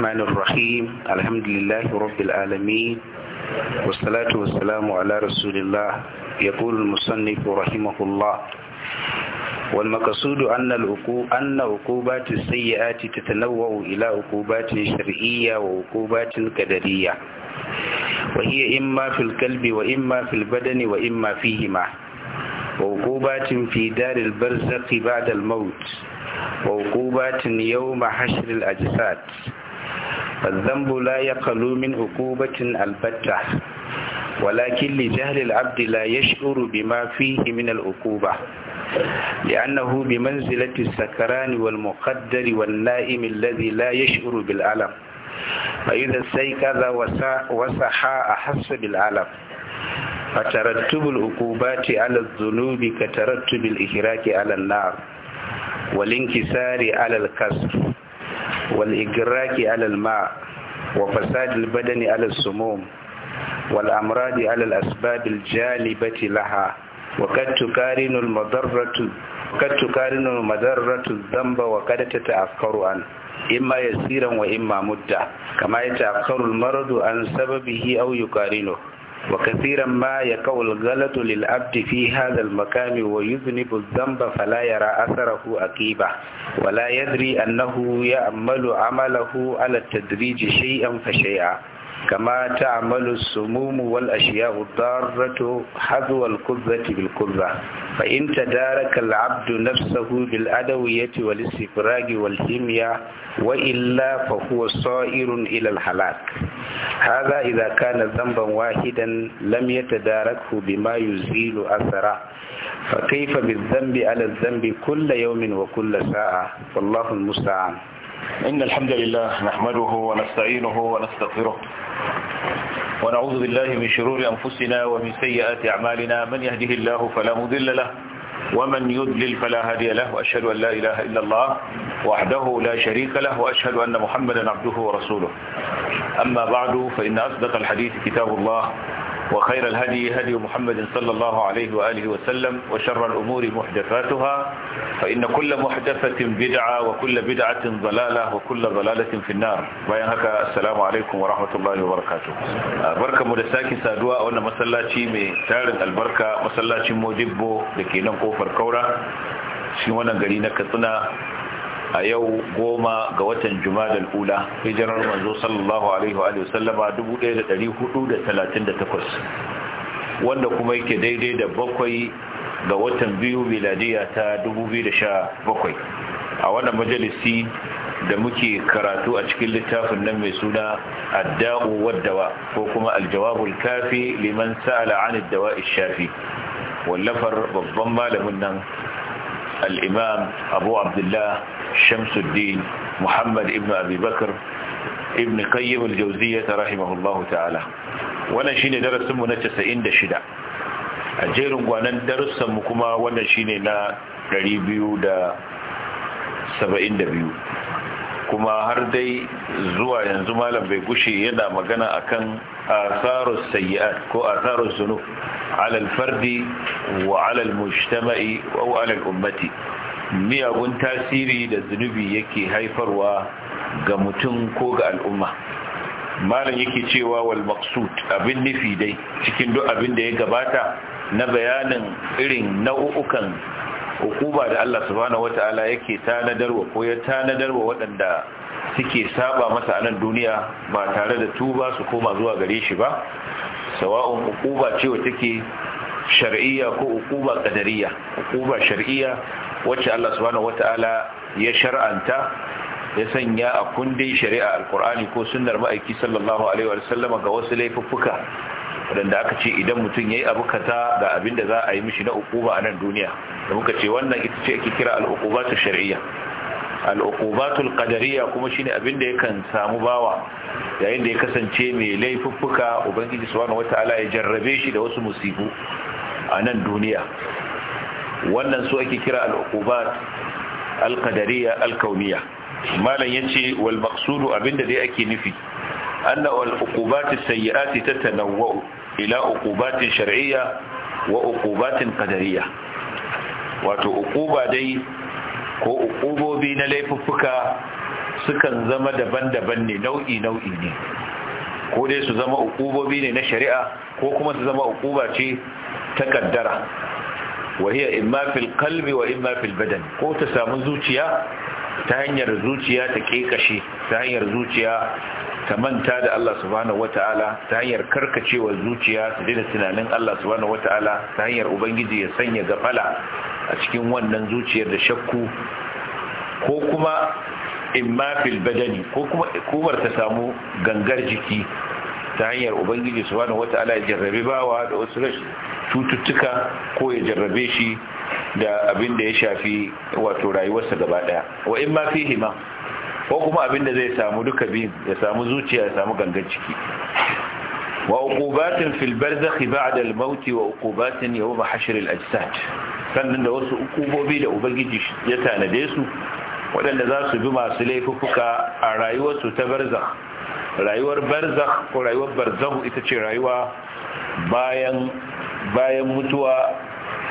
الرحمن الرحيم الحمد لله رب العالمين والصلاة والسلام على رسول الله يقول المصنف رحمه الله والمقصود أن أن عقوبات السيئات تتنوع إلى عقوبات شرعية وعقوبات قدرية وهي إما في القلب وإما في البدن وإما فيهما وعقوبات في دار البرزق بعد الموت وعقوبات يوم حشر الأجساد فالذنب لا يقل من عقوبة البتة ولكن لجهل العبد لا يشعر بما فيه من العقوبة لأنه بمنزلة السكران والمقدر والنائم الذي لا يشعر بالألم فإذا استيقظ وصحى أحس بالألم فترتب العقوبات على الذنوب كترتب الإحراق على النار والانكسار على الكسر wal igraki alal ma wa fasadil badani alal sumum wal amradi alal asbabil jalibati laha wa kad tukarinu al madarratu kad tukarinu al madarratu dhanba yasiran wa imma mudda kama yata'akkaru al maradu an sababihi aw yukarinu وكثيرا ما يقع الغلط للعبد في هذا المكان ويذنب الذنب فلا يرى أثره اكيبا ولا يدري أنه يعمل عمله على التدريج شيئا فشيئا كما تعمل السموم والأشياء الضارة حذو القذة بالقذة فإن تدارك العبد نفسه بالأدوية والاستفراج والهمية وإلا فهو صائر إلى الهلاك هذا إذا كان ذنبا واحدا لم يتداركه بما يزيل أثره فكيف بالذنب على الذنب كل يوم وكل ساعة والله المستعان إن الحمد لله نحمده ونستعينه ونستغفره ونعوذ بالله من شرور أنفسنا ومن سيئات أعمالنا من يهده الله فلا مضل له ومن يدلل فلا هادي له وأشهد أن لا إله إلا الله وحده لا شريك له وأشهد أن محمدا عبده ورسوله أما بعد فإن أصدق الحديث كتاب الله وخير الهدي هدي محمد صلى الله عليه وآله وسلم وشر الأمور محدثاتها فإن كل محدثة بدعة وكل بدعة ضلالة وكل ضلالة في النار بيانك السلام عليكم ورحمة الله وبركاته بركة مدساكي سادواء وانا مسلاتي من تارد البركة مسلاتي مجبو لكي ننقو فركورة shi wannan gari na katsina a yau goma ga watan jumadal ula hijirar manzo sallallahu alaihi wa sallama 1438 wanda kuma yake daidai da bakwai ga watan biyu miladiya ta 2017 a wannan majalisi da muke karatu a cikin littafin nan mai suna adda'u waddawa ko kuma aljawabul kafi liman sa'ala an addawa shafi wallafar babban malamin nan al-imam abu abdullahi. shamsuddin muhammad ibn abi bakar ibn qayyim al-jawziyyah rahimahullahu ta'ala wannan shine darasin mu na 96 a jerin gwanan darussan mu kuma wannan shine na 272 kuma har dai zuwa yanzu malam bai gushe yana magana a kan asarus sayyi'at ko asarar zunub ala fardi wa ala al-mujtama'i wa ummati miyagun tasiri da zunubi yake haifarwa ga mutum ko ga al'umma malam yake cewa wal maksud abin nufi dai cikin duk abin da ya gabata na bayanin irin nau'ukan hukuma da Allah subhanahu wata'ala yake tanadarwa ko ya tanadarwa waɗanda suke saba masa a nan duniya ba tare da tuba su koma zuwa gare shi ba sawa'un hukuma ce wa take shar'iyya ko hukuma qadariyya hukuma shar'iyya wacce Allah subhanahu wata'ala ya shar'anta ya sanya a kundin shari'a alkur'ani ko sunnar ma'aiki sallallahu alaihi wa sallama ga wasu laifuffuka waɗanda aka ce idan mutum yayi abu kaza ga abin da za a yi mishi na ukuba a nan duniya da muka ce wannan ita ce ake kira al-uqubatu shar'iyya al-uqubatu al-qadariyya kuma shine abin da yakan samu bawa yayin da ya kasance mai laifuffuka ubangiji subhanahu wata'ala ya jarrabe shi da wasu musibu a nan duniya wannan su ake kira al'uqubat al-qadariyya Malam ya ce wal maksudu abinda dai ake nufi anna al-uqubat as-sayyi'at tatanawwa'u ila uqubat shar'iyya wa uqubat qadariyya wato ukuba dai ko ukubobi na laifuffuka sukan zama daban-daban ne nau'i nau'i ne ko dai su zama ukubobi ne na shari'a ko kuma su zama ukuba ce ta kaddara wahiya imma fil qalbi wa imma badan ko ta samu zuciya ta hanyar zuciya ta ƙeƙashe, ta hanyar zuciya ta manta da Allah subhanahu wataala ta hanyar karkacewar zuciya ta daina tunanin Allah subhanahu wataala ta hanyar ubangiji ya sanya gafala a cikin wannan zuciyar da shakku ko kuma imma fil badani ko kuma kubar ta samu gangar jiki ta hanyar ubangiji su subhanahu wata ya jarrabe bawa da wasu rashin cututtuka ko ya jarrabe shi da abin da ya shafi wato rayuwarsa gaba daya wa in ma fi hima ko kuma abin da zai samu duka bi ya samu zuciya ya samu gangan ciki wa uqubatin fil barzakh ba'da al maut wa uqubatin yawm hashr al ajsad sannan da wasu ukubobi da ubangiji ya tanade su waɗanda za su bi masu laifuka a rayuwarsu ta barzakh rayuwar barzak ko rayuwar barzahu ita ce rayuwa bayan bayan mutuwa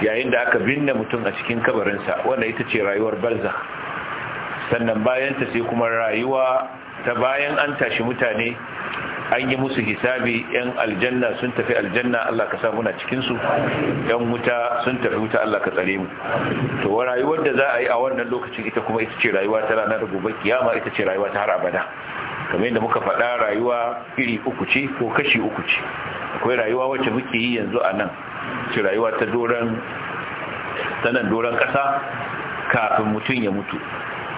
yayin da aka binne mutum a cikin kabarinsa wanda ita ce rayuwar barzakh sannan bayan ta sai kuma rayuwa ta bayan an tashi mutane an yi musu hisabi yan aljanna sun tafi aljanna Allah ka sa muna cikin su yan wuta sun tafi wuta Allah ka tsare mu to rayuwar da za a yi a wannan lokacin ita kuma ita ce rayuwa ta ranar gobe kiyama ita ce rayuwa ta har abada kamar yadda muka faɗa rayuwa iri uku ce ko kashi uku ce akwai rayuwa wacce muke yi yanzu a nan ce rayuwa ta doron nan doron ƙasa kafin mutum ya mutu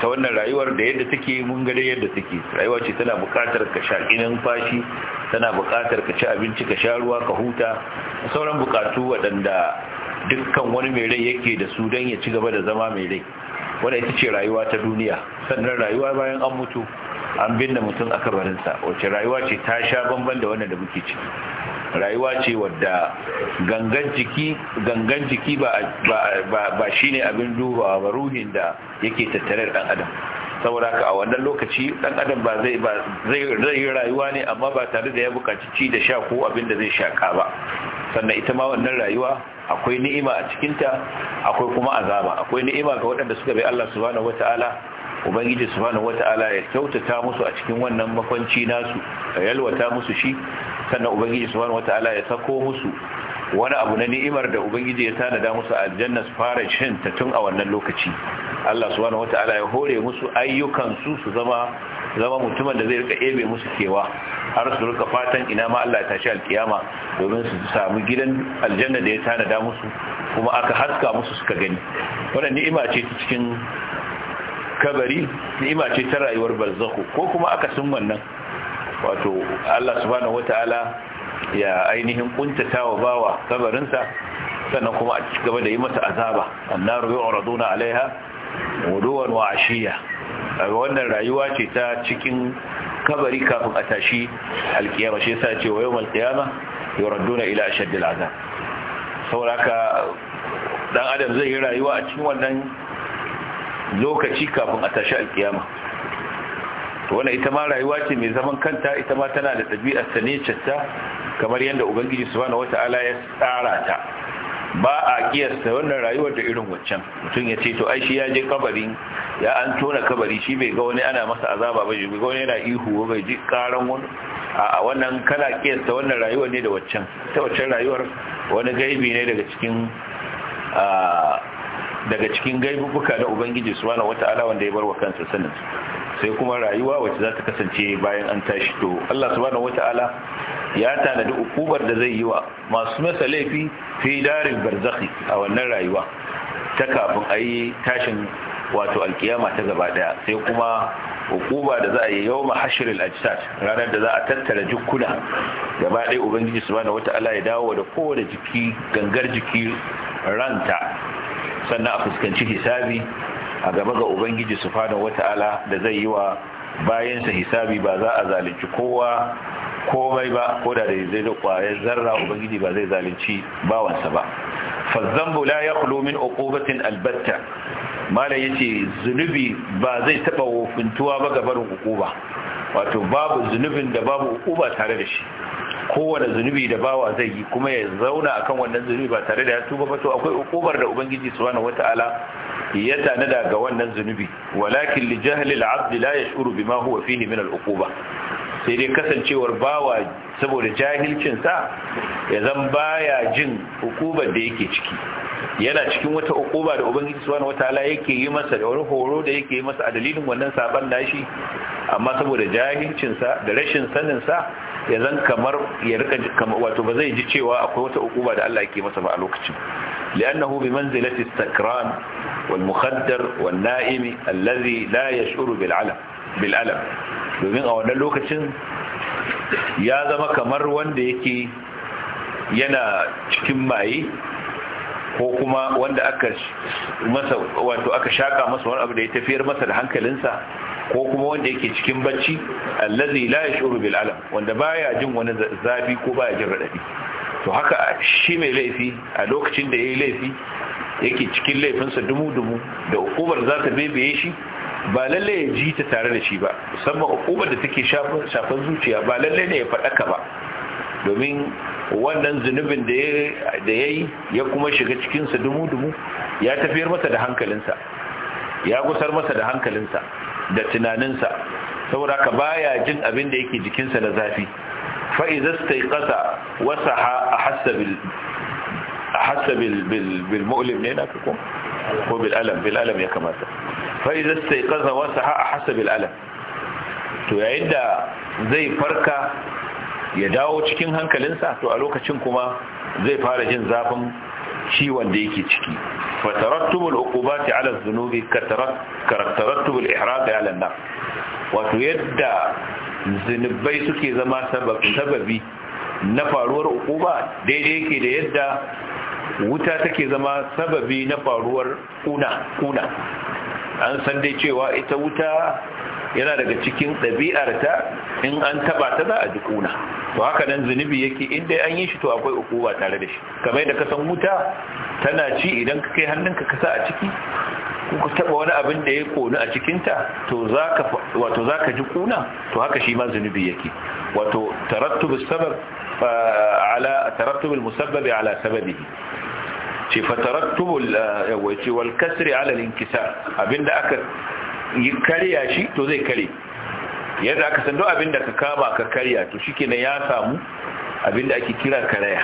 ta wannan rayuwar da yadda take mun ga yadda take rayuwa ce tana buƙatar ka sha fashi tana buƙatar ka ci abinci ka sha ruwa ka huta sauran buƙatu waɗanda dukkan wani mai rai yake da su don ya ci gaba da zama mai rai wadda ita ce rayuwa ta duniya sannan rayuwa bayan an mutu an binne mutum a kabarinsa wacce rayuwa ce ta sha bamban da wannan da muke ci? rayuwa ce wadda gangan jiki ba ba ba shine abin dubawa ba ruhin da yake tattare da dan adam saboda ka a wannan lokaci dan adam ba zai ba yi rayuwa ne amma ba tare da ya bukaci ci da sha ko abin da zai shaka ba sannan ita ma wannan rayuwa akwai ni'ima a cikinta akwai kuma azaba akwai ni'ima ga waɗanda suka bai Allah subhanahu wataala ubangiji subhanahu wata'ala ya kyautata musu a cikin wannan makwanci nasu ya yalwata musu shi sannan ubangiji subhanahu wata'ala ya sako musu wani abu na ni'imar da ubangiji ya tanada musu aljanna su fara shin ta tun a wannan lokaci Allah subhanahu wataala ya hore musu ayyukan su zama zama mutumin da zai rika ebe musu kewa har su rika fatan ina ma Allah ya tashi alkiyama domin su samu gidan aljanna da ya tanada musu kuma aka haska musu suka gani wannan ni'ima ce ta cikin kabari ni'ima ce ta rayuwar barzakh ko kuma akasin wannan wato Allah subhanahu wataala ya ainihin kuntatawa bawa kabarinsa sannan kuma a cigaba da yi masa azaba annaru yu'raduna alaiha wuduwan wa ashiya wannan rayuwa ce ta cikin kabari kafin a tashi alkiyama shi yasa ce wa yawmal qiyama yuraduna ila ashaddil azab sauraka dan adam zai yi rayuwa a cikin wannan lokaci kafin a tashi alkiyama wannan ita ma rayuwa ce mai zaman kanta ita ma tana da ɗabi'ar ta ne catta kamar yadda ubangiji subhanahu wata'ala ya tsara ta ba a kiyasta wannan rayuwar da irin waccan mutum ya ce to ai shi ya je kabarin ya an tona kabari shi bai ga wani ana masa azaba ba bai ga wani yana ihu ba bai ji karan wani a wannan kana kiyasta wannan rayuwar ne da waccan ta waccan rayuwar wani gaibi ne daga cikin ah, daga cikin gaibubuka na ubangiji subhanahu wata'ala wanda ya bar wa kansa sanin sai kuma rayuwa wacce za ta kasance bayan an tashi to Allah subhanahu wata'ala ya tanadi ukubar da zai yi wa masu masa laifi fi darin barzakhi a wannan rayuwa ta kafin a yi tashin wato alkiyama ta gaba daya sai kuma hukuma da za a yi yau mahashiril ajsad ranar da za a tattara jikuna gaba ɗaya ubangiji subhanahu wata'ala ya dawo da kowane jiki gangar jiki ranta sannan a fuskanci hisabi a gaba ga ubangiji subhanahu wata'ala da zai yi wa bayansa hisabi ba za a zalunci kowa komai ba ko da zai da kwayar zarra ubangiji ba zai zalunci bawansa ba fazzambu la yakhlu min uqubatin albatta mala yace zunubi ba zai taba wofintuwa ba ga barin hukuma wato babu zunubin da babu hukuma tare da shi kowane zunubi da bawa zai yi kuma ya zauna akan wannan zunubi ba tare da ya tuba ba to akwai hukumar da ubangiji subhanahu wata'ala ya tanada ga wannan zunubi walakin li jahli al-abd la yashuru bima huwa fihi min al sai dai kasancewar bawa saboda jahilcin sa ya zan baya jin hukubar da yake ciki yana cikin wata ukuba da ubangiji subhanahu wataala yake yi masa da wani horo da yake yi masa a dalilin wannan saban nashi amma saboda jahilcin sa da rashin sanin sa ya zan kamar ya rika wato ba zai ji cewa akwai wata ukuba da Allah yake masa ba a lokacin li'annahu bi manzilati istakran wal mukhaddar wal na'imi allazi la yash'uru bil alam bil alam domin a wannan lokacin ya zama kamar wanda yake yana cikin maye ko kuma wanda aka masa wato aka shaka masa wani abu da ya tafiyar masa da hankalinsa ko kuma wanda yake cikin bacci allazi la yashuru bil alam wanda baya jin wani zafi ko baya jin radadi to haka shi mai laifi a lokacin da yayi laifi yake cikin laifinsa dumu dumu da hukumar za ta bebeye shi ba lalle ya ji ta tare da shi ba musamman hukumar da take shafin zuciya ba lalle ne ya faɗaka ba domin wannan zunubin da ya yi ya kuma shiga cikinsa dumu-dumu ya tafiyar masa da hankalinsa ya gusar masa da hankalinsa da tunaninsa saboda ka baya jin abin da yake jikinsa na zafi fa idza istayqasa wasaha saha ahassa bil ahassa bil bil mu'lim ne na ko ko bil alam bil alam ya kamata fa idza istayqasa wasaha saha ahassa bil alam to yayin da zai farka ya dawo cikin hankalinsa to a lokacin kuma zai fara jin zafin ciwon da yake ciki فترتب العقوبات على الذنوب كترتب الإحراق على النار وتيدى zunubai suke zama sababi na faruwar ukuba daidai ke da yadda wuta take zama sababi na faruwar kuna an san dai cewa ita wuta yana daga cikin ɗabi'arta ta in an taba ta za a ji kuna to haka nan zunubi yake in dai an yi shi to akwai ukuwa tare da shi kamar da kasan wuta tana ci idan ka kai hannunka ka kasa a ciki ko ka taba wani abin da ya konu a cikinta to zaka wato ji kuna to haka shi ma zunubi yake wato tarattub sabab eh, ala tarattub al-musabbab ala sababihi ce fatarattub eh, wal kasri ala al-inkisar abinda aka karya shi to zai kare yadda aka san abinda abin da ka kama ka karya to kenan ya samu abin ake kira karaya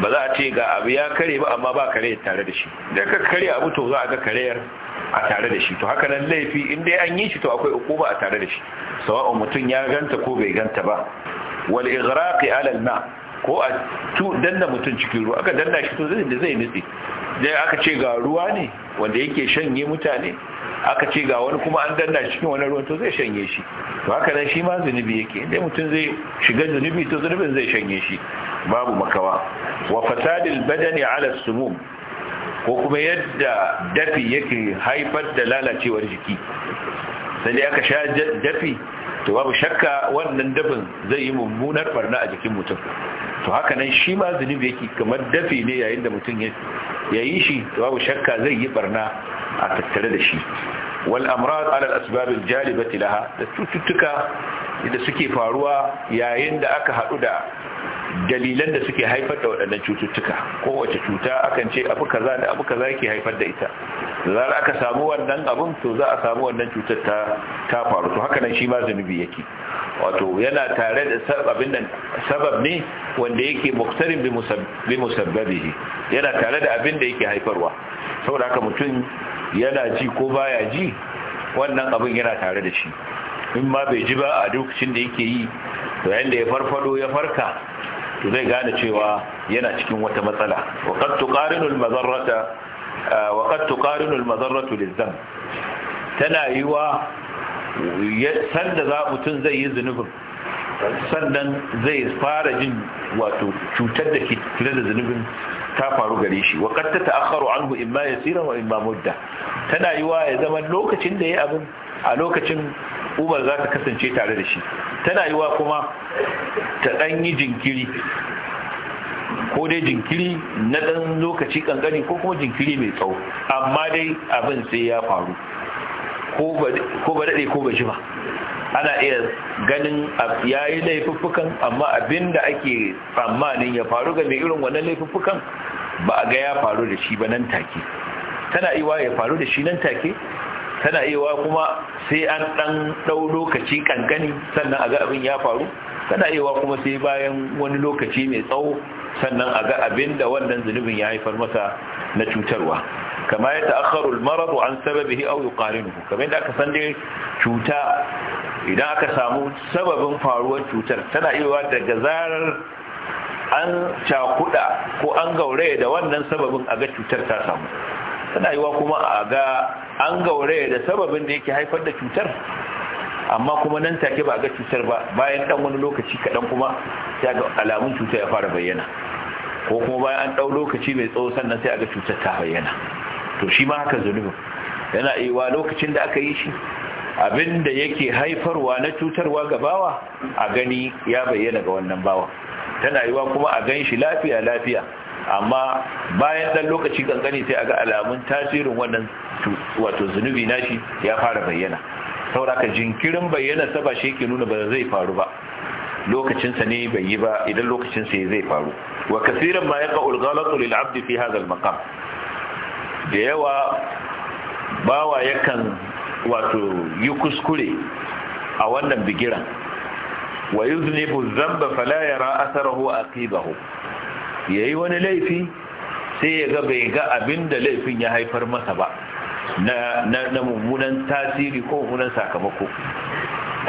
ba za a ce ga abu ya kare ba amma ba kare tare da shi da ka kare abu to za a ga kareyar a tare da shi to haka nan laifi in dai an yi shi to akwai ukuba a tare da shi sawa'un mutum ya ganta ko bai ganta ba wal ighraqi ala al ko a tu danna mutum cikin ruwa aka danna shi to zai da zai nitsi dai aka ce ga ruwa ne wanda yake shanye mutane aka ce ga wani kuma an danna cikin wani ruwan to zai shanye shi to haka nan shi ma zunubi yake inda mutum zai shiga zunubi to zunubin zai shanye shi babu makawa wa fasadil badani ala sumum ko kuma yadda dafi yake haifar da lalacewar jiki sai aka sha dafi to babu shakka wannan dafin zai yi mummunar barna a jikin mutum to haka nan shi ma zunubi yake kamar dafi ne yayin da mutum ya yi shi to babu shakka zai yi barna a tattare da shi wal amrad ala al-asbab al-jalibati laha da cututtuka da suke faruwa yayin da aka hadu da dalilan da suke haifar da waɗannan cututtuka kowace cuta akan ce abu kaza da abu kaza yake haifar da ita za a aka samu wannan abun to za a samu wannan cutar ta ta faru to haka nan shi ma zunubi yake wato yana tare da sababin nan sabab ne wanda yake muktarin bi musabbabihi yana tare da abin da yake haifarwa saboda haka mutum yana ji ko baya ji wannan abun yana tare da shi in ma bai ji ba a lokacin da yake yi to yayin ya farfado ya farka to zai gane cewa yana cikin wata matsala wa qad tuqarinu mazarrata ah, wa qad tuqarinu mazarratu liz sanda za mutum zai yi zunubin sannan zai fara jin wato cutar da ke da zunubin ta faru gare shi wa qad tata'akharu anhu imma yasira wa imma mudda tana wa ya zama lokacin da yayi abin a lokacin ubar za ta kasance tare da shi tana yiwa kuma ta ɗan yi jinkiri ko dai jinkiri na ɗan lokaci ƙanƙani ko kuma jinkiri mai tsawo amma dai abin sai ya faru ko ba daɗe ko ba shi ba ana iya ganin ya yi laifuffukan amma abin da ake tsammanin ya faru ga mai irin wannan laifuffukan ba a ga ya faru da shi ba nan take tana iwa ya faru da shi nan take tana iya kuma sai an dan dau lokaci kankani sannan a ga abin ya faru tana iya kuma sai bayan wani lokaci mai tsawo sannan a ga abin da wannan zunubin ya haifar masa na cutarwa kama ya ta'akharu al-marad an sababihi aw yuqarinuhu kamar yadda aka san dai cuta idan aka samu sababin faruwar cutar tana iya daga zarar an cakuda ko an gauraya da wannan sababin a ga cutar ta samu tana yiwa kuma a ga an gauraya da sababin da yake haifar da cutar amma kuma nan take ba a ga cutar ba bayan dan wani lokaci kaɗan kuma sai ga alamun cutar ya fara bayyana ko kuma bayan an ɗau lokaci mai tsawo sannan sai a ga cutar ta bayyana to shi ma haka zunubin yana iwa lokacin da aka yi shi abin da yake haifarwa na cutarwa ga bawa a gani ya bayyana ga wannan bawa tana yiwa kuma a gan shi lafiya lafiya amma bayan dan lokaci kankani sai aga alamun tasirin wannan wato zunubi nashi ya fara bayyana sauraka jinkirin bayyana sa ba shi ke nuna ba zai faru ba lokacinsa ne bai yi ba idan lokacinsa zai faru wa kasiran ma yaqa al lil abdi fi hadha al-maqam da yawa bawa yakan wato yi kuskure a wannan bigiran wa yuznibu dhanba fala yara asarahu aqibahu yayi wani laifi sai ya ga bai ga abin da laifin ya haifar masa ba na mummunan tasiri ko mummunan sakamako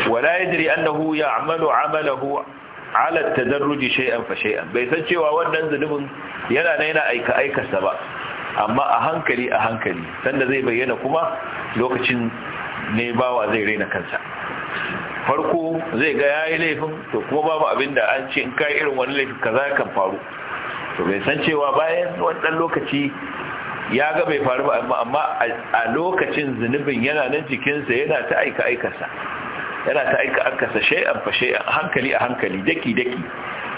wala ya yadri annahu ya'malu 'amalahu ala tadarruji shay'an fa shay'an bai san cewa wannan zunubin yana na yana aika aikarsa ba amma a hankali a hankali sanda zai bayyana kuma lokacin ne bawa zai raina kansa farko zai ga yayi laifin to kuma babu abinda an ce in kai irin wani laifin kaza kan faru to bai san cewa bayan wani lokaci ya ga bai faru ba amma a lokacin zunubin yana nan jikinsa yana ta aika aikasa. yana ta aika aikarsa shay'an fa shay'an hankali a hankali daki daki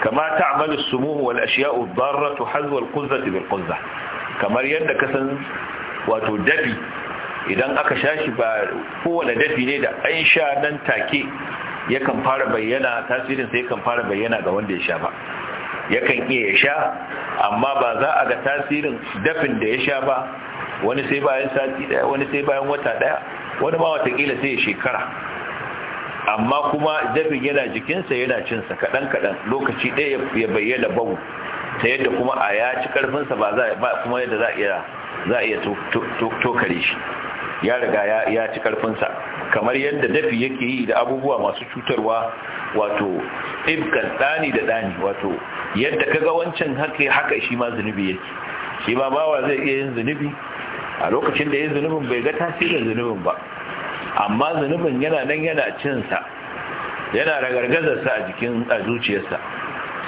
kama ta'malu as-sumum wal ashya'u ad-darratu hazwa al-quzzati bil quzza kamar yadda ka san wato dafi idan aka shashi ba kowane dafi ne da an sha nan take yakan fara bayyana tasirin sa yakan fara bayyana ga wanda ya sha ba yakan iya ya sha amma ba za a ga tasirin dafin da ya sha ba wani sai bayan sati daya wani sai bayan wata daya wani ma watakila sai ya shekara amma kuma dafin yana jikinsa yana cinsa kaɗan-kaɗan lokaci ɗaya ya bayyana babu ta yadda kuma a ya ci ƙarfinsa ba kuma yadda za a iya tokare shi ya riga ya ci ƙarfinsa kamar yadda dafi yake yi da abubuwa masu cutarwa wato ibkan ɗani da ɗani wato yadda ka ga wancan haka haka shi ma zunubi yake shi ma bawa zai iya yin zunubi a lokacin da yin zunubin bai ga tasirin zunubin ba amma zunubin yana nan yana cinsa yana ragargazarsa a jikin a zuciyarsa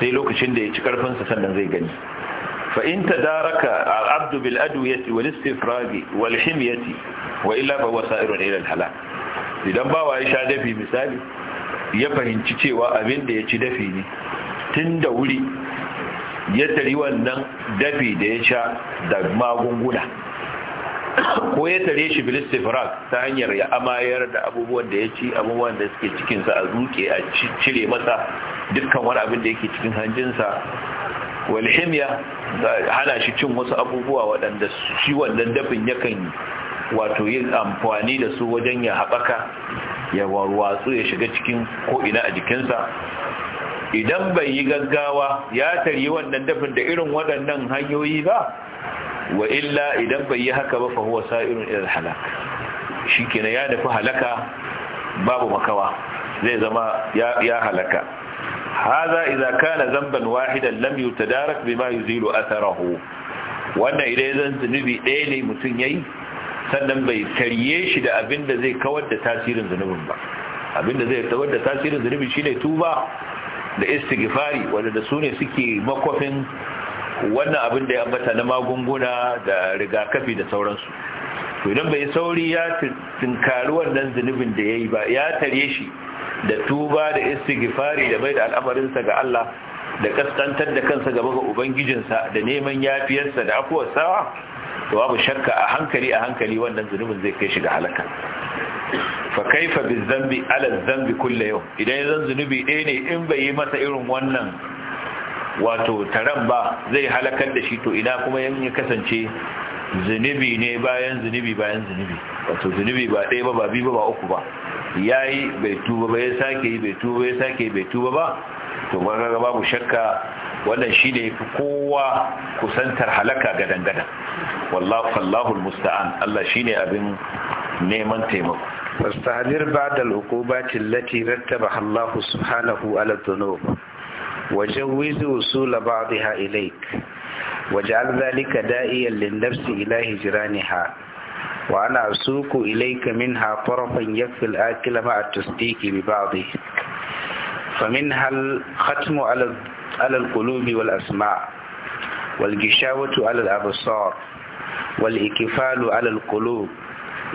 sai lokacin da ya ci karfinsa sannan zai gani wal istifragi wal himyati wa illa وإلا wasa'irun ila al الهلاك idan bawa ya sha dafi misali ya fahimci cewa abin da ya ci dafi ne tun da wuri ya tari wannan dafi da ya sha da magunguna ko ya tare shi filistifrak ta hanyar ya amayar da abubuwan da ya ci abubuwan da suke cikinsa a zuke a cire masa dukkan wani abin da yake cikin hanjinsa walhimiya hana shi cin wasu abubuwa waɗanda shi wannan dafin yakan wato yin amfani da su wajen ya haɓaka ya warwatsu ya shiga cikin ko'ina a jikinsa idan bai yi gaggawa ya tari wannan dafin da irin waɗannan hanyoyi ba wa illa idan bai yi haka ba fahuwa sa'irin irin halak shi kenan ya dafi halaka babu makawa zai zama ya halaka haza iza kana zamban wahidan lam yutadarak bima yuzilu atharahu wannan idan zan zunubi ɗaya ne mutum yayi sannan bai tarye shi da abin da zai kawar da tasirin zunubin ba abin da zai kawar da tasirin zunubi shine tuba da istighfari wanda da su suke makofin wannan abin da ya ambata na magunguna da rigakafi da sauransu to idan bai sauri ya tinkari wannan zunubin da yayi ba ya tarye shi da tuba da istighfari da bai da al'amarinsa ga Allah da kaskantar da kansa gaba ga ubangijinsa da neman yafiyarsa da afuwarsa to babu shakka a hankali a hankali wannan zunubin zai kai shi ga halaka fa kaifa zambi ala zambi kullu yau idan ya zunubi ɗaya ne in bai yi masa irin wannan wato taran ba zai halakar da shi to ina kuma yan ya kasance zunubi ne bayan zunubi bayan zunubi wato zunubi ba ɗaya ba ba biyu ba ba uku ba yayi bai tuba ba ya sake yi bai tuba ya sake bai tuba ba to ba babu shakka wannan shi ne fi kowa kusantar halaka gadan-gadan wallahu musta'an Allah shi ne abin neman taimako fastadir ba da lokobacin lati rattaba Allah subhanahu ala zunub wajen wizi usula ba da ilaik Waje an zalika da'iyar Wa ana da'iyan lindafsi ila hijiraniha وأنا أسوق إليك منها طرفا يكفي الآكل مع التصديق ببعضه فمنها الختم على على القلوب والأسماع والجشاوة على الأبصار والإكفال على القلوب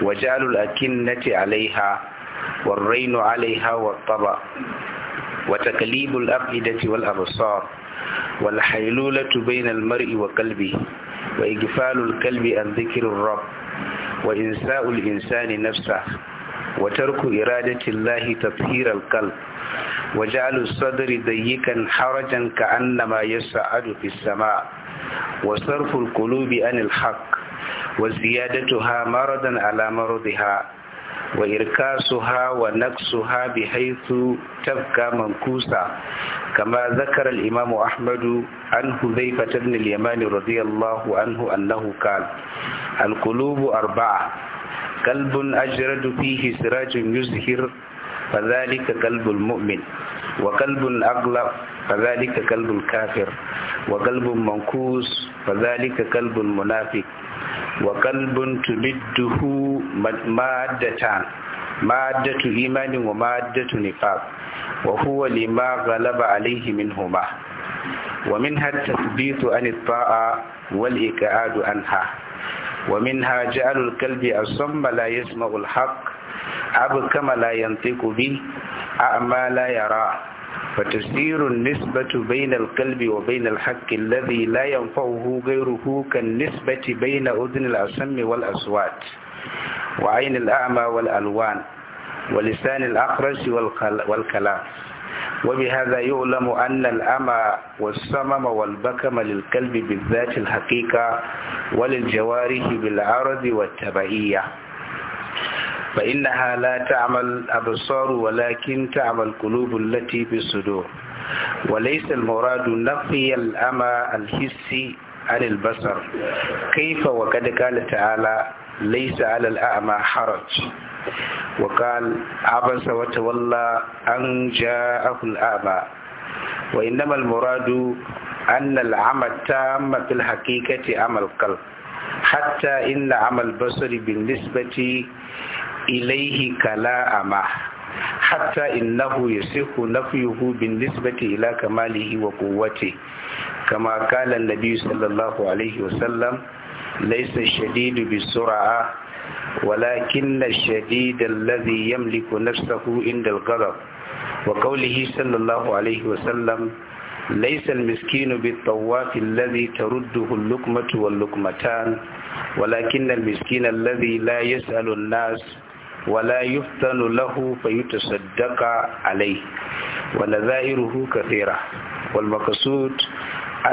وجعل الأكنة عليها والرين عليها والطبع وتكليب الأفئدة والأبصار والحيلولة بين المرء وقلبه وإغفال الكلب عن ذكر الرب وإنساء الإنسان نفسه وترك إرادة الله تطهير القلب وجعلوا الصدر ضيقا حرجا كأنما يصعد في السماء وصرف القلوب عن الحق وزيادتها مرضا على مرضها وإركاسها ونقصها بحيث تبقى منكوسة كما ذكر الإمام أحمد عن حذيفة بن اليمان رضي الله عنه أنه قال القلوب أربعة قلب أجرد فيه سراج يزهر فذلك قلب المؤمن وقلب الأغلب فذلك قلب الكافر وقلب منكوس فذلك قلب المنافق وقلب تبده مادتان مادة إيمان ومادة نفاق وهو لما غلب عليه منهما ومنها التثبيت عن الطاعة والإكعاد عنها ومنها جعل الكلب أصم لا يسمع الحق عبد كما لا ينطق به أعمى لا يرى فتسير النسبة بين القلب وبين الحق الذي لا ينفعه غيره كالنسبة بين أذن الأسم والأصوات وعين الأعمى والألوان ولسان الأخرس والكلام وبهذا يعلم أن الأمى والصمم والبكم للقلب بالذات الحقيقة وللجوارح بالعرض والتبعية فإنها لا تعمل أبصار ولكن تعمل قلوب التي في الصدور وليس المراد نفي الأمى الحسي عن البصر كيف وقد قال تعالى ليس على الأعمى حرج وقال عبس وتولى أن جاءه الأعمى وإنما المراد أن العمى التام في الحقيقة عمى القلب حتى إن عمى البصر بالنسبة ilaihi kala ama hatta innahu yasihu nafyuhu bin nisbati ila kamalihi wa quwwati kama kalan an-nabiy sallallahu alayhi wa sallam laysa walakin ash-shadid alladhi yamliku nafsahu inda al-ghadab wa qawlihi sallallahu alayhi wa sallam ليس المسكين بالطواف الذي ترده اللقمة واللقمتان ولكن المسكين الذي ولا يفتن له فيتصدق عليه ونذائره كثيرة والمقصود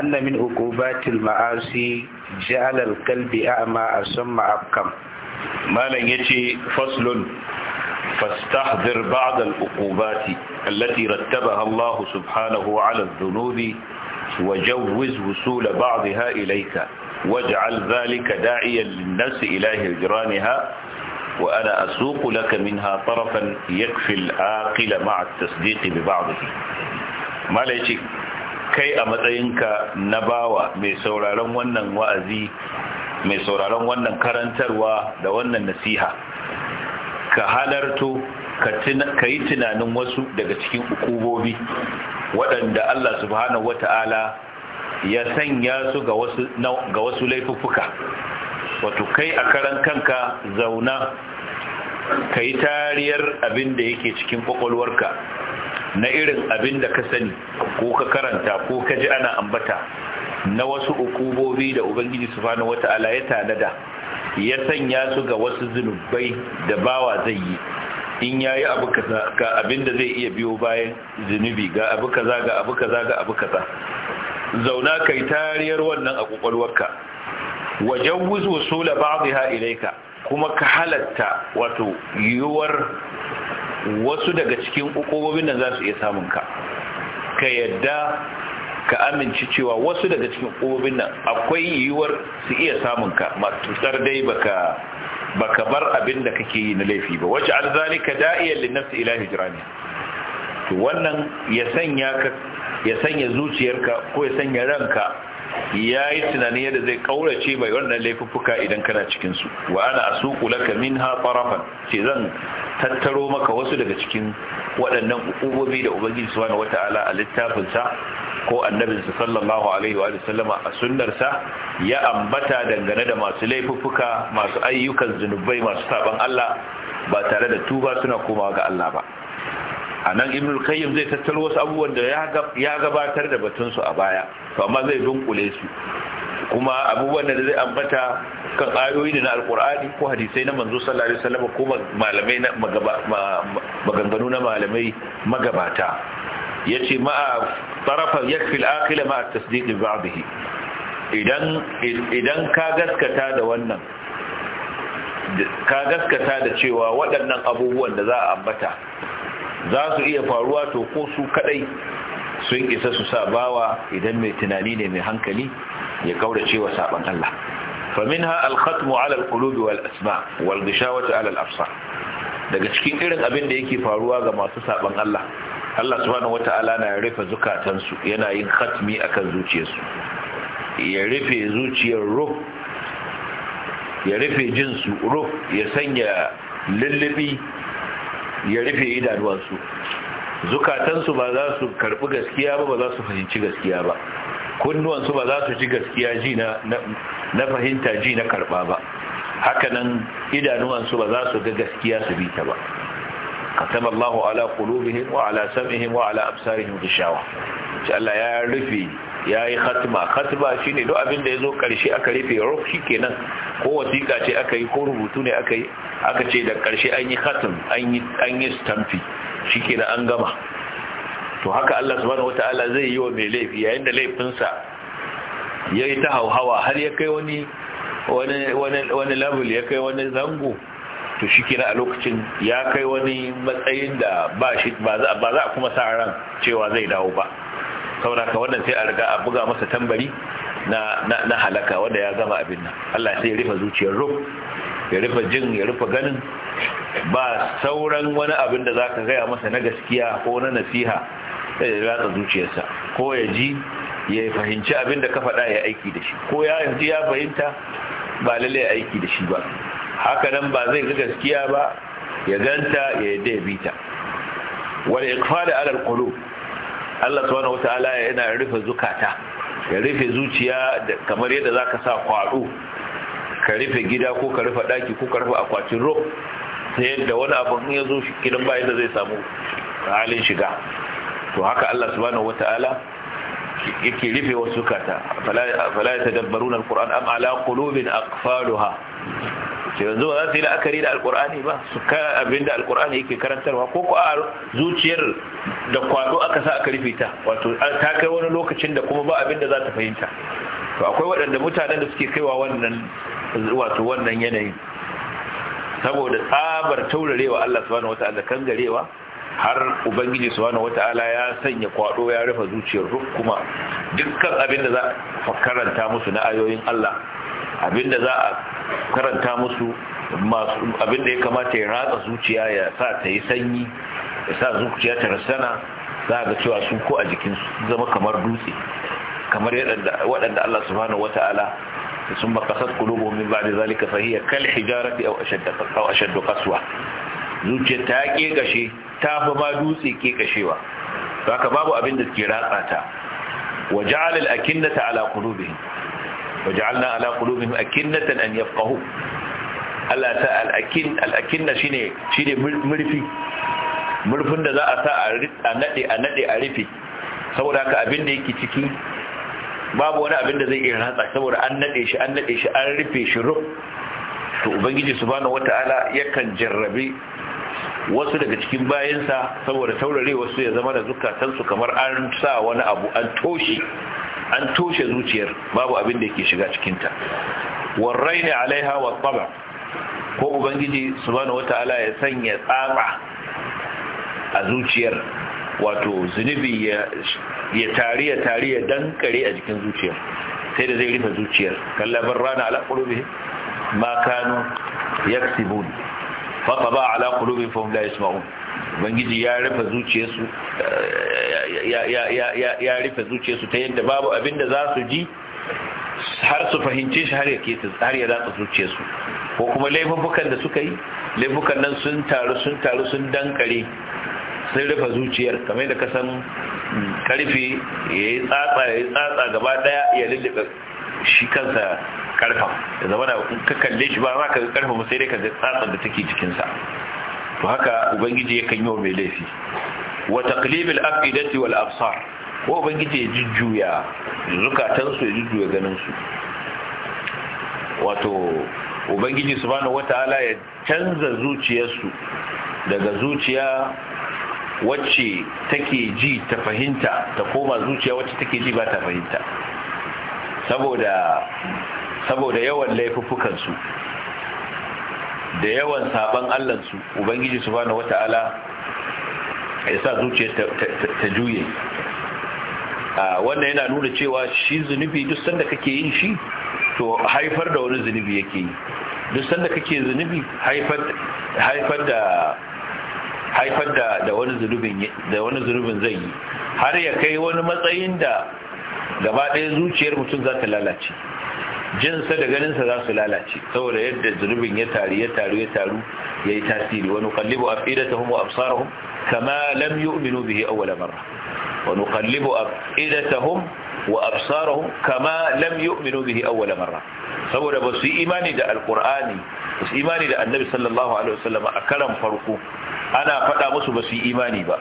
أن من عقوبات المعاصي جعل القلب أعمى أسمى أبكم ما لن يتي فصل فاستحضر بعض العقوبات التي رتبها الله سبحانه على الذنوب وجوز وصول بعضها إليك واجعل ذلك داعيا للنفس إلى هجرانها وأنا أسوق لك منها طرفا يكفي العاقل مع التصديق ببعضه ما ليش kai a matsayinka na bawa mai sauraron wannan wa'azi mai sauraron wannan karantarwa da wannan nasiha ka halarto ka yi tunanin wasu daga cikin ukubobi waɗanda Allah subhanahu wata'ala ya sanya su ga wasu laifuffuka wato kai a karan kanka zauna ka yi tariyar abin da yake cikin kwakwalwarka na irin abin da ka sani ko ka karanta ko ka ji ana ambata na wasu ukubobi da ubangiji wata wata'ala ya tanada ya sanya su ga wasu zunubai da bawa zai yi in ya yi abu kaza ga abin da zai iya biyo bayan zunubi ga abu kaza ga abu kaza ga abu kaza zauna kai tariyar wannan a kwakwalwarka wajawuz wusula ba'dha ilayka kuma ka halatta wato yiwuwar wasu daga cikin ukubobin nan za su iya samun ka ka yadda ka amince cewa wasu daga cikin ƙoƙobin nan akwai yiwuwar su iya samun ka matsar dai baka baka bar abin da kake yi na laifi ba wace an zalika da'iyan lin ila hijrani to wannan ya sanya ka ya sanya zuciyarka ko ya sanya ranka ya yi tunanin yadda zai kaurace mai wannan laifuffuka idan kana cikinsu wa ana a suƙulaka min ce zan tattaro maka wasu daga cikin waɗannan ƙubobi da ubangiji su wani wata'ala a littafinsa ko annabinsa sallallahu alaihi wa sallama a sunnarsa ya ambata dangane da masu laifuffuka masu ayyukan zunubai masu saban Allah ba tare da tuba suna komawa ga Allah ba a nan ibn qayyim zai tattalo wasu abubuwan da ya gabatar da batun su a baya to amma zai dunkule su kuma abubuwan da zai ambata kan ayoyi da na alkur'ani ko hadisai na manzo sallallahu alaihi wasallam ko malamai na maganganu na malamai magabata yace ma tarafa yakfi al-aqila ma at-tasdiq ba'dihi idan idan ka gaskata da wannan ka gaskata da cewa waɗannan abubuwan da za a ambata za su iya faruwa to ko su kadai sun isa su sa bawa idan mai tunani ne mai hankali ya kaura cewa saban Allah فمنها الختم على wal والأسماء والغشاوة على الأبصار daga cikin irin abin da yake faruwa ga masu saban Allah Allah subhanahu wata'ala na rufe zukatansu yana yin khatmi akan zuciyarsu ya rufe zuciyar ruh ya rufe jinsu ruh ya sanya lullubi ya rufe idanuwansu zukatansu ba za su karbi gaskiya ba ba za su fahimci gaskiya ba kunnuwansu ba za su ji gaskiya ji na fahimta ji na karba ba hakanan idanuwansu ba za su ga gaskiya su bita ba katama Allahu ala qulubihim wa ala sam'ihim wa ala absarihim gishawa shi Allah ya rufe ya yi khatma khatma shi duk abin da ya zo ƙarshe aka rufe ruf shi kenan ko wasiƙa ce aka yi ko rubutu ne aka yi aka ce da ƙarshe an yi khatim an yi stamfi shi an gama to haka Allah subhanahu wataala zai yi wa mai laifi yayin da laifinsa ya yi ta hauhawa har ya kai wani wani level ya kai wani zango to shi a lokacin ya kai wani matsayin da ba za a kuma sa ran cewa zai dawo ba saboda ka wannan sai a riga a buga masa tambari na na, halaka wanda ya gama abin nan Allah sai ya rufe zuciyar ruh ya rufe jin ya rufe ganin ba sauran wani abin da zaka gaya masa na gaskiya ko na nasiha sai ya ratsa zuciyarsa ko ya ji ya fahimci abin da ka faɗa ya aiki da shi ko ya ji ya fahimta ba lalle ya aiki da shi ba haka nan ba zai ga gaskiya ba ya ganta ya yadda ya bita wal iqfal ala qulub Allah subhanahu wataala yana rufe zukata ya rufe zuciya kamar yadda ka sa kwaɗo, ka rufe gida ko ka rufe ɗaki ko ka rufe akwatin ro ta yadda wani abin ya zo gidan ba yadda zai samu halin shiga to haka Allah subhanahu wataala yake rufe wasu zukata fala yatadabbaruna alquran am ala qulubin aqfaluha yanzu ba za su yi la'akari da alkur'ani ba su ka abin da alkur'ani yake karantarwa ko ko a zuciyar da kwado aka sa aka rufe ta wato ta kai wani lokacin da kuma ba abin da za ta fahimta to akwai waɗanda mutanen da suke kaiwa wannan wato wannan yanayin saboda tsabar taurarewa Allah subhanahu wata'ala kan har ubangiji subhanahu wata'ala ya sanya kwado ya rufe zuciyar kuma dukkan abin da za ka karanta musu na ayoyin Allah abinda za a karanta musu abinda ya kamata ya ratsa zuciya ya sa ta yi sanyi ya sa zuciya ta rasana za ga cewa su ko a jikin zama kamar dutse kamar waɗanda Allah subhanahu da sun makasar kulubu min ba da zalika fahiyar kal hijarati au ashaddu kasuwa zuciya ta ke ta fi ma dutse ke za ka babu abin da ke ratsa ta wa ja'ala al-akinnata ala qulubihim وجعلنا على قلوبهم أكنة أن يفقهوا Allah ta al-akin al-akinna shine shine murfi murfin da za a sa a nade a nade a rufe saboda haka abin da yake ciki babu wani abin da zai iya ratsa saboda an nade shi an nade shi an rufe shi ruf to ubangiji subhanahu wataala yakan jarrabe wasu daga cikin bayansa saboda taurare wasu ya zama da zukatansu kamar an sa wani abu an toshi an toshe zuciyar babu abin da yake shiga cikinta warraini alaiha wa taba ko ubangiji subhanahu wataala ya sanya tsaba a zuciyar wato zunubi ya tari ya tari ya dankare a jikin zuciyar sai da zai rufe zuciyar kallabar rana ala qulubi ma kanu yaktibun fa taba ala qulubi fa hum la yasma'un ubangiji ya rufe zuciyarsu ya rufe zuciyarsu ta yadda babu abin da za su ji har su fahimce shi har ya ratsa zuciyarsu ko kuma laifukan da suka yi laifukan nan sun taru sun taru sun dankare sun rufe zuciyar kamar da ka san mm, karfe ya yi tsatsa ya yi tsatsa gaba daya ya lullube shi kansa karfa da zama da ka kalle shi ba za ka karfa sai dai ka ga tsatsan da take cikinsa to haka ubangiji yakan yi wa mai laifi wa taqlibil afidati wal absar ko ubangiji ya jujjuya zukatan su ya jujjuya ganin su wato ubangiji subhanahu wataala ya canza zuciyarsu daga zuciya wacce take ji ta fahimta ta koma zuciya wacce take ji ba ta fahimta saboda saboda yawan su da yawan saban Allah su ubangiji subhanahu wata'ala ya sa zuciya ta juye wannan yana nuna cewa shi zunubi duk sanda kake yin shi to haifar da wani zunubi yake yi duk sanda kake zunubi haifar da haifar da da wani zunubin da wani zunubin zai yi har ya kai wani matsayin da gaba ɗaya zuciyar mutum za ta lalace jinsa da ganinsa za su lalace saboda yadda zunubin ya taru ya taru ya taru ya yi tasiri wani kallibu afidatahum wa absarahum kama lam yu'minu bihi awwala marra wani kallibu afidatahum wa absarahum kama lam yu'minu bihi awwala marra saboda ba su yi imani da alqur'ani ba su imani da annabi sallallahu alaihi wasallam a karan farko ana faɗa musu ba su yi imani ba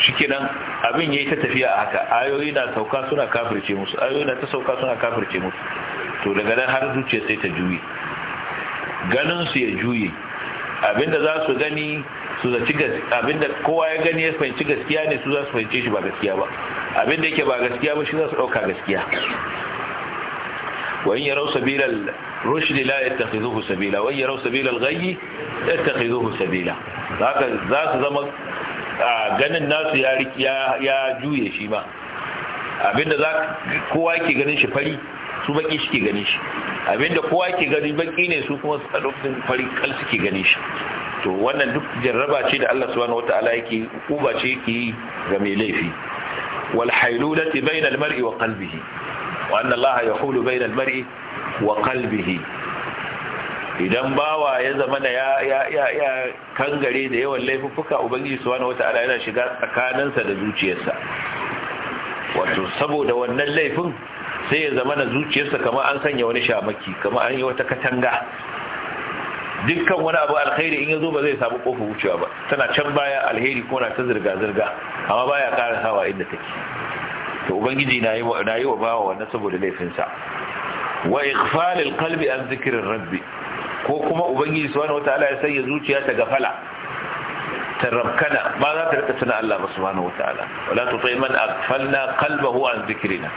shikenan abin yayi ta tafiya a haka ayoyi na sauka suna kafirce musu ayoyi na ta sauka suna kafirce musu to daga nan har zuciya sai ta juye ganin su ya juye abinda za su gani su zaci abinda kowa ya gani ya fahimci gaskiya ne su za su fahimce shi ba gaskiya ba abinda yake ba gaskiya ba shi za su dauka gaskiya rushdi la سبيل sabila wa يتخذوه سبيلا وإن يروا سبيل الغي يتخذوه سبيلا za su zama. ganin nasu ya juye shi ma abinda za kowa ke ganin shi fari su baki shi ke ganin shi abinda kowa ke ganin baki ne su kuma su ɗaukacin fari kal suke ganin shi to wannan duk jarraba ce da Allah subhanahu wataala yake kuba ce yake yi ga mai laifi wal hailulati bainal mar'i wa qalbihi wa anna Allah yahulu bainal mar'i wa qalbihi idan bawa ya zama da ya kangare da yawan laifuka ubangiji su wata wataala yana shiga tsakaninsa da zuciyarsa wato saboda wannan laifin sai ya zama na zuciyarsa kamar an sanya wani shamaki kamar an yi wata katanga dukkan wani abu alkhairi in ya zo ba zai samu kofa wucewa ba tana can baya alheri ko na ta zirga-zirga amma baya ƙara sawa inda take to ubangiji na yi wa bawa wannan saboda laifinsa wa ighfalil qalbi an zikrir rabbi ko kuma ubangiji subhanahu wataala ya sanya zuciya ta gafala ta rabkana ba za ta rika tuna Allah ba subhanahu wataala wala tuti man aghfalna qalbahu an zikrina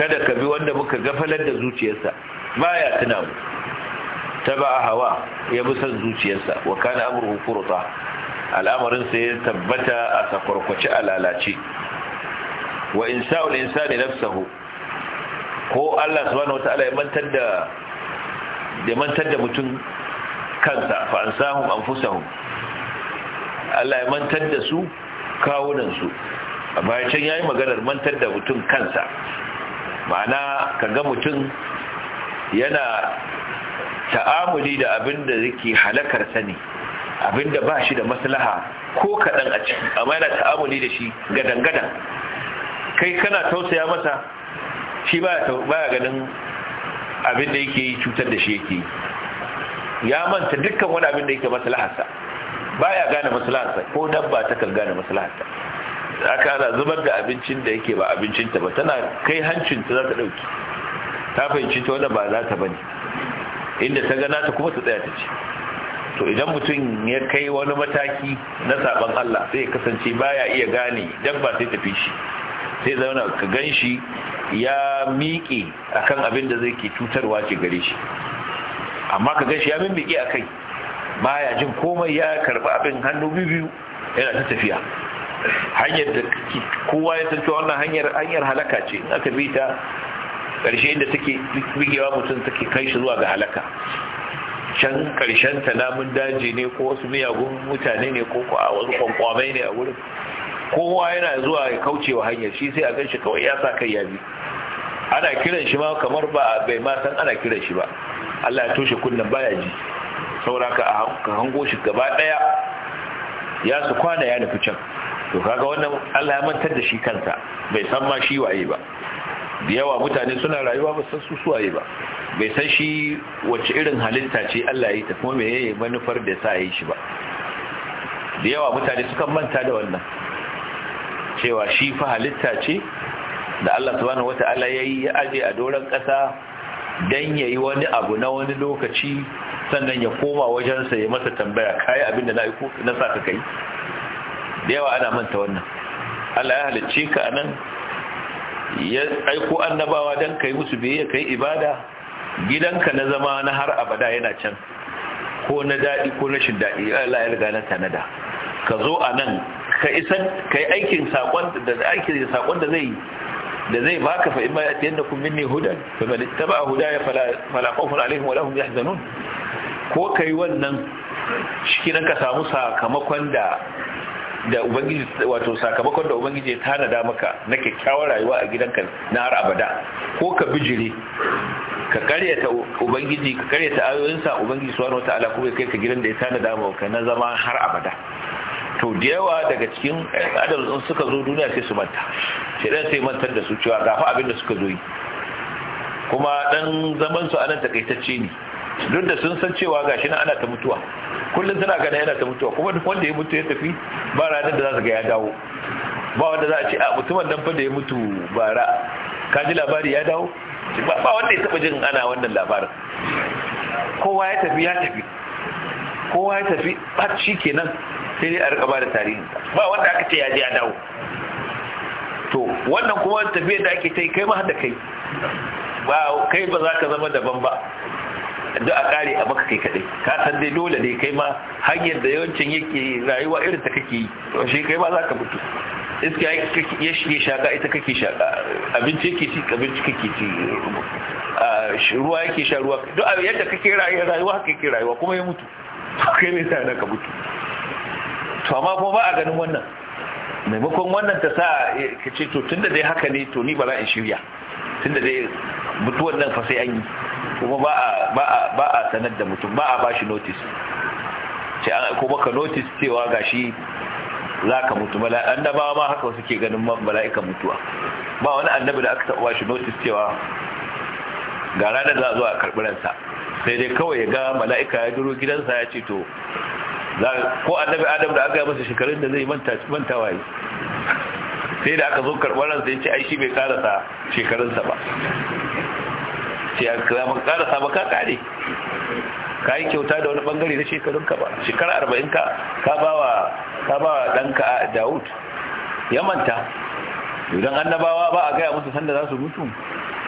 kada ka bi wanda muka gafalar da zuciyarsa baya tuna mu taba hawa ya bi san zuciyarsa wa kana amruhu furta al'amarin sa ya tabbata a sakwarkwace a lalace wa insa'ul insani nafsahu ko Allah subhanahu wataala ya mantar da da mantar da mutum kansa fa an an anfusahum Allah ya mantar da su kawunansu su a bayan can yayi maganar mantar da mutum kansa ma'ana ka ga mutum yana ta'amuli da abin da yake halakar sani abin da ba shi da maslaha ko kaɗan a ciki amma yana ta'amuli da shi gadan-gadan kai kana tausaya masa shi ba ya ganin abin da yake yi cutar da shi yake yi ya manta dukkan wani abin da yake maslaharsa baya gane maslaharsa ko dabba ta kan gane maslaharta aka ana zubar da abincin da yake ba abincinta ba tana kai hancin ta za ta dauki ta fahimci ta wanda ba za ta bane inda ta gana ta kuma ta tsaya ta ce to idan mutum ya kai wani mataki na saban Allah sai ya kasance baya iya gane dabba sai ta fi shi sai zauna ka gan shi ya miƙe a kan abin da zai ke cutarwa ce gare shi amma ka gan shi ya mimmiƙe a kai baya jin komai ya karɓi abin hannu biyu yana ta tafiya hanyar da kowa ya san wannan hanyar hanyar halaka ce in aka bi ta ƙarshe inda take bigewa mutum take kai shi zuwa ga halaka can karshen ta namun daji ne ko wasu miyagun mutane ne ko a wasu kwankwamai ne a wurin kowa yana zuwa ya kauce wa hanyar shi sai a gan shi kawai ya sa kai ya bi ana kiran shi ma kamar ba bai ma san ana kiran shi ba Allah ya toshe kunnan baya ji sauraka a hango shi gaba daya ya su kwana ya nufi can to kaga wannan Allah ya mantar da shi kansa bai san ma shi waye ba da yawa mutane suna rayuwa ba san su suwaye ba bai san shi wacce irin halitta ce Allah ya yi ta kuma me yayi manufar da sa yi shi ba da yawa mutane sukan manta da wannan cewa shi fa halitta ce da Allah subhanahu wa Ta'ala ya aje a doron ƙasa dan yayi wani abu na wani lokaci sannan ya koma wajensa ya masa tambaya kai abinda na aiko na ka kai da yawa ana manta wannan Allah ya halicce ka anan ya aiko annabawa dan kai musu ya kai ibada gidanka na zama na har abada yana can ko na daɗi ko rashin daɗi Allah ya riga na tanada ka zo a nan ka isar ka yi aikin saƙon da aikin saƙon da zai da zai baka fa imma yati yannakum minni hudan fa man ittaba hudaya fala fala khawfun alaihim wa hum yahzanun ko kai wannan shi ka samu sakamakon da da ubangiji wato sakamakon da ubangiji ya tanada maka na kyakkyawar rayuwa a gidanka na har abada ko ka bijire ka karyata ubangiji ka karyata ayoyinsa ubangiji subhanahu wataala kuma kai ka gidan da ya tanada maka na zama har abada to da yawa daga cikin adam sun suka zo duniya sai su manta sai dan sai mantar da su cewa gafa abin da suka zo yi kuma dan zaman su anan takaitacce ne duk da sun san cewa gashi nan ana ta mutuwa kullum tana gana yana ta mutuwa kuma duk wanda ya mutu ya tafi ba ranar da za su ga ya dawo ba wanda za a ce a mutumin nan fa da ya mutu bara ka ji labari ya dawo ba wanda ya taba jin ana wannan labarin kowa ya tafi ya tafi kowa ya tafi ba shi kenan sai dai a rika ba da tarihin ba wanda aka ce ya je ya dawo to wannan kuma tafiyar da ake ta yi kai ma da kai ba kai ba za ka zama daban ba da a kare a maka kai kadai ka san dai dole dai kai ma hanyar da yawancin yake rayuwa irin ta kake yi to shi kai ma za ka mutu iska ya shige shaka ita kake shaka abinci yake ci abinci kake ci ruwa yake sha ruwa duk yadda kake rayuwa haka yake rayuwa kuma ya mutu kai ne sa ka mutu to amma kuma ba a ganin wannan maimakon wannan ta sa eh, ka ce to tunda dai haka ne to ni ba za in shirya tunda dai mutuwan nan fa sai an yi kuma ba a ba a sanar da mutum ba a ba shi notice ce an ko baka notice cewa gashi za ka mutu annabawa ma haka suke ganin mala'ika mutuwa ba wani annabi da aka taɓa shi notice cewa ga ranar za a zo a karɓi ransa sai dai kawai ya ga mala'ika ya duro gidansa ya ce to ko annabi adam da aka yi masa shekarun da zai manta waye sai da aka zo karɓar ransa ya ce ai bai karasa shekarunsa ba sai aka zama karasa ba ka kare ka yi kyauta da wani bangare na shekarunka ba shekara arba'in ka ka ba wa ka a daud ya manta idan annabawa ba a gaya musu sanda za su mutu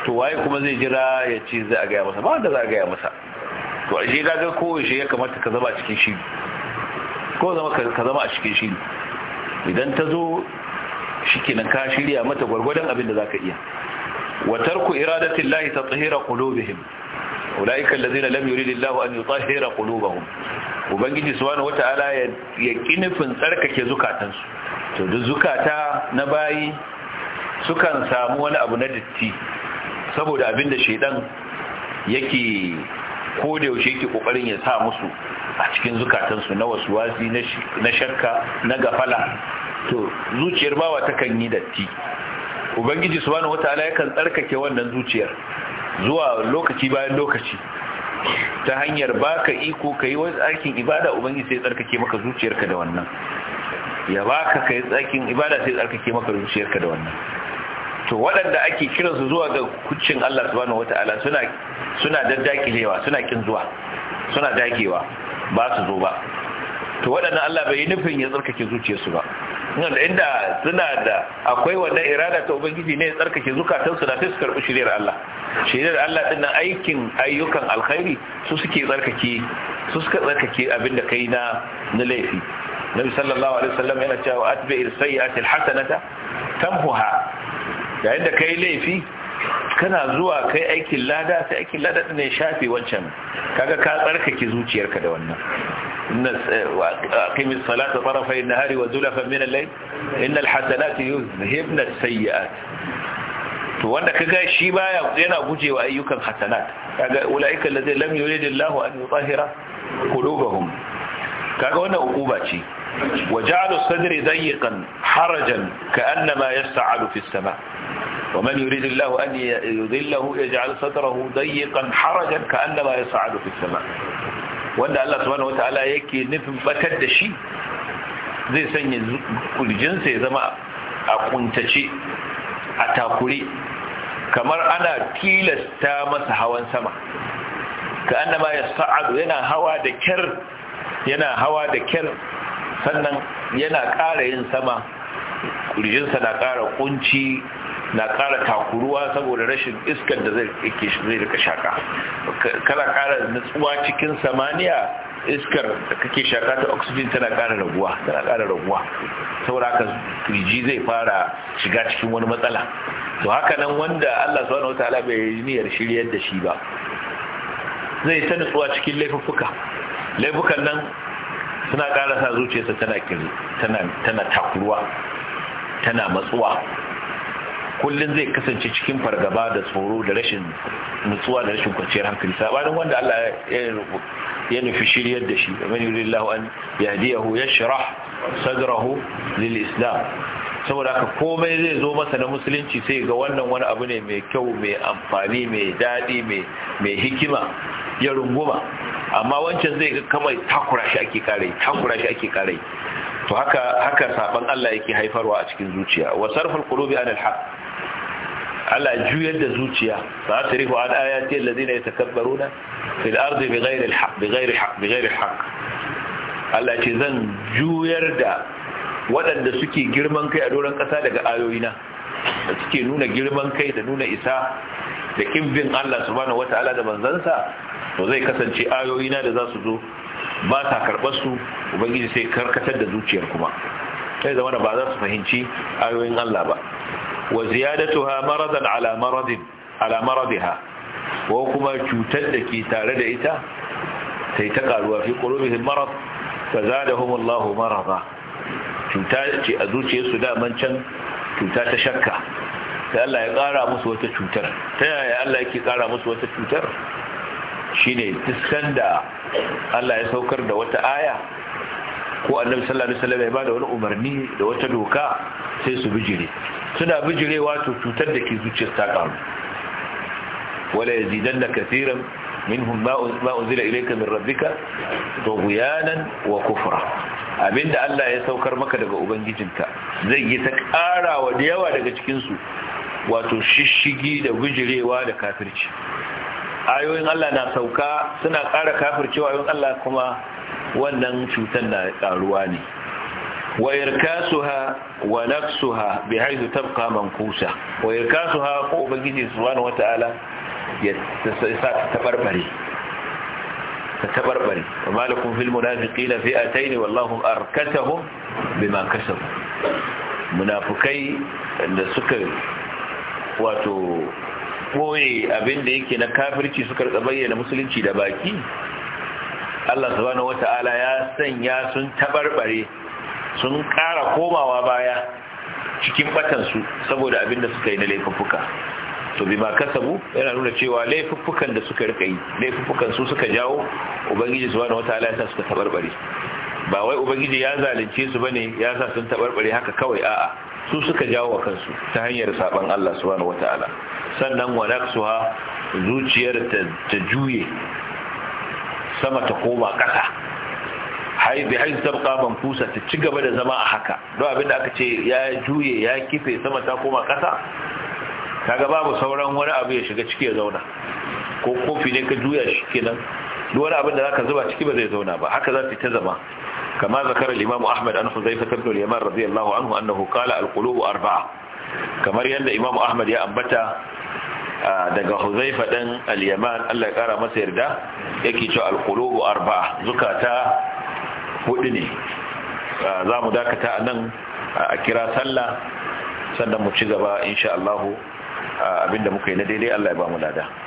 to waye kuma zai jira ya ce za a gaya masa ba wanda za a gaya masa to a shi gaga kowace ya kamata ka zama cikin shi ko zama ka zama a cikin shiri idan ta zo shikenan ka shirya mata gwargwadon abin da za ka iya wa tarku iradatillahi tatahira qulubihim ulaika allazina lam yuridillahu an yutahhira qulubahum ubangiji subhanahu ala ya kinifin tsarkake zukatansu to duk zukata na bayi sukan samu wani abu na datti saboda abin da shedan yake ko da yaushe yake kokarin ya sa musu a cikin zukatansu na wasu wasi na shakka na gafala to zuciyar bawa takan yi datti ubangiji subhanahu wataala yakan tsarkake wannan zuciyar zuwa lokaci bayan lokaci ta hanyar baka iko kai wani aikin ibada ubangiji sai tsarkake maka zuciyarka da wannan ya baka kai tsakin ibada sai tsarkake maka zuciyarka da wannan to waɗanda ake su zuwa ga kucin Allah subhanahu wataala suna suna daddakilewa suna kin zuwa suna dakewa ba su zo ba to waɗannan Allah bai yi nufin ya tsarkake zuciyarsu ba inda suna da akwai wannan irada ta ubangiji ne ya tsarkake zukatansu da sai su karɓi shiriyar Allah shiriyar Allah din nan aikin ayyukan alkhairi su suke tsarkake su suka tsarkake abin da kai na na laifi nabi sallallahu alaihi wasallam yana cewa atbi'is sayyi'ati alhasanata tamhuha yayin da kai laifi kana zuwa kai aikin lada sai aikin lada ɗin ya shafe wancan kaga ka tsarkake zuciyarka da wannan eh, aqim as-salata tarafay an-nahari wa zulafan min al-layl al hasanati yuzhibna as-sayyi'at to wanda kaga shi baya yana gujewa ayyukan hasanat kaga ulaika allazi lam yuridillahu an yutahhira qulubahum kaga wannan uquba ce وجعل الصدر ضيقا حرجا كأنما يستعل في السماء ومن يريد الله أن يذله يجعل صدره ضيقا حرجا كأنما يصعد في السماء wanda Allah subhanahu wataala yake nufin batar da shi zai sanya kurjinsa ya zama a kuntace a takuri. kamar ana tilasta masa hawan sama ka annama ya sa'adu yana hawa da yana hawa da kyar sannan yana ƙara yin sama kurjinsa na ƙara ƙunci na ƙara takuruwa saboda rashin iskar da zai rika shaƙa kana ƙara nutsuwa cikin samaniya iskar da kake shaƙa ta oxygen tana ƙara raguwa tana ƙara raguwa saboda haka kirji zai fara shiga cikin wani matsala to haka nan wanda Allah subhanahu wataala bai yi niyyar shiryar da shi ba zai ta nutsuwa cikin laifuffuka laifukan nan suna sa zuciyarsa tana kiri tana takuruwa tana matsuwa kullum zai kasance cikin fargaba da tsoro da rashin nutsuwa da rashin kwanciyar hankali sabanin wanda Allah ya nufi shiryar da shi man yuridillahu an yahdiyahu yashrah sadrahu lil islam saboda haka komai zai zo masa na musulunci sai ga wannan wani abu ne mai kyau mai amfani mai daɗi mai hikima ya runguma amma wancan zai ga kamar takura shi ake karai takura shi ake karai to haka haka saban Allah yake haifarwa a cikin zuciya wa sarful qulubi anil alhaq Allah juyar da zuciya za ta rihu an ayati alladhina yatakabbaruna fil ardi bighayri alhaq bighayri haq bighayri haq Allah ce zan juyar da waɗanda suke girman kai a doron ƙasa daga ayoyina da suke nuna girman kai da nuna isa da kimbin Allah subhanahu wataala da manzansa to zai kasance ayoyi na da za su zo ba ta karɓar su ubangiji sai karkatar da zuciyar kuma sai zama da ba za su fahimci ayoyin Allah ba wa ziyadatuha maradan ala maradin ala maradiha wa kuma cutar da ke tare da ita sai ta karuwa fi qulubihim marad fa zadahum Allahu marada cuta ce a zuciyarsu da man can cuta ta shakka sai Allah ya kara musu wata cutar ta yaya Allah yake kara musu wata cutar shine duk da Allah ya saukar da wata aya ko annabi sallallahu alaihi wasallam ya bada wani umarni da wata doka sai su bijire suna bijire wato cutar da ke zuciyar ta karu wala da kasiran minhum ma unzila ilayka min rabbika tughyanan wa kufra abinda Allah ya saukar maka daga ubangijinka zai yi ta karawa da yawa daga cikin su wato shishigi da bijirewa da kafirci ayoyin Allah na sauka suna ƙara cewa ayoyin Allah kuma wannan cutar na ƙaruwa ne wa irkasuha wa naqsuha bi haythu tabqa manqusa wa irkasuha ko ubangiji subhanahu wataala ya sa ta barbare ta tabarbare wa malakum fil munafiqina fi'atayn wallahu arkatahum ma kasabu Munafukai da suka wato boye abin da yake na kafirci suka rika bayyana musulunci da baki Allah subhanahu wata'ala ya sanya sun tabarbare sun ƙara komawa baya cikin batansu saboda abin da suka yi na laifuffuka to bima kasabu yana nuna cewa laifuffukan da suka rika yi laifuffukan su suka jawo ubangiji subhanahu wataala ya sa suka tabarbare ba wai ubangiji ya zalunce su bane ya sa sun tabarbare haka kawai a'a su suka jawo wa kansu ta hanyar saban Allah subhanahu wata'ala sannan wa naqsuha zuciyar ta juye sama ta koma ƙasa hai bi hai tabqa manfusa ta ci gaba da zama a haka don abinda aka ce ya juye ya kife sama ta koma ƙasa kaga babu sauran wani abu ya shiga ciki ya zauna ko kofi ne ka juya shi kenan duk wani abin da zaka zuba ciki ba zai zauna ba haka za ta zama كما ذكر الإمام أحمد أن حذيفة بن اليمان رضي الله عنه أنه قال القلوب أربعة كما يند إمام أحمد يا أبتا daga huzaifa ɗan al-yaman Allah ya kara masa yarda yake cewa al-qulubu arba'a zukata hudu ne za mu dakata nan a kira sallah sannan mu ci gaba insha Allah abinda muka yi na daidai Allah ya ba mu lada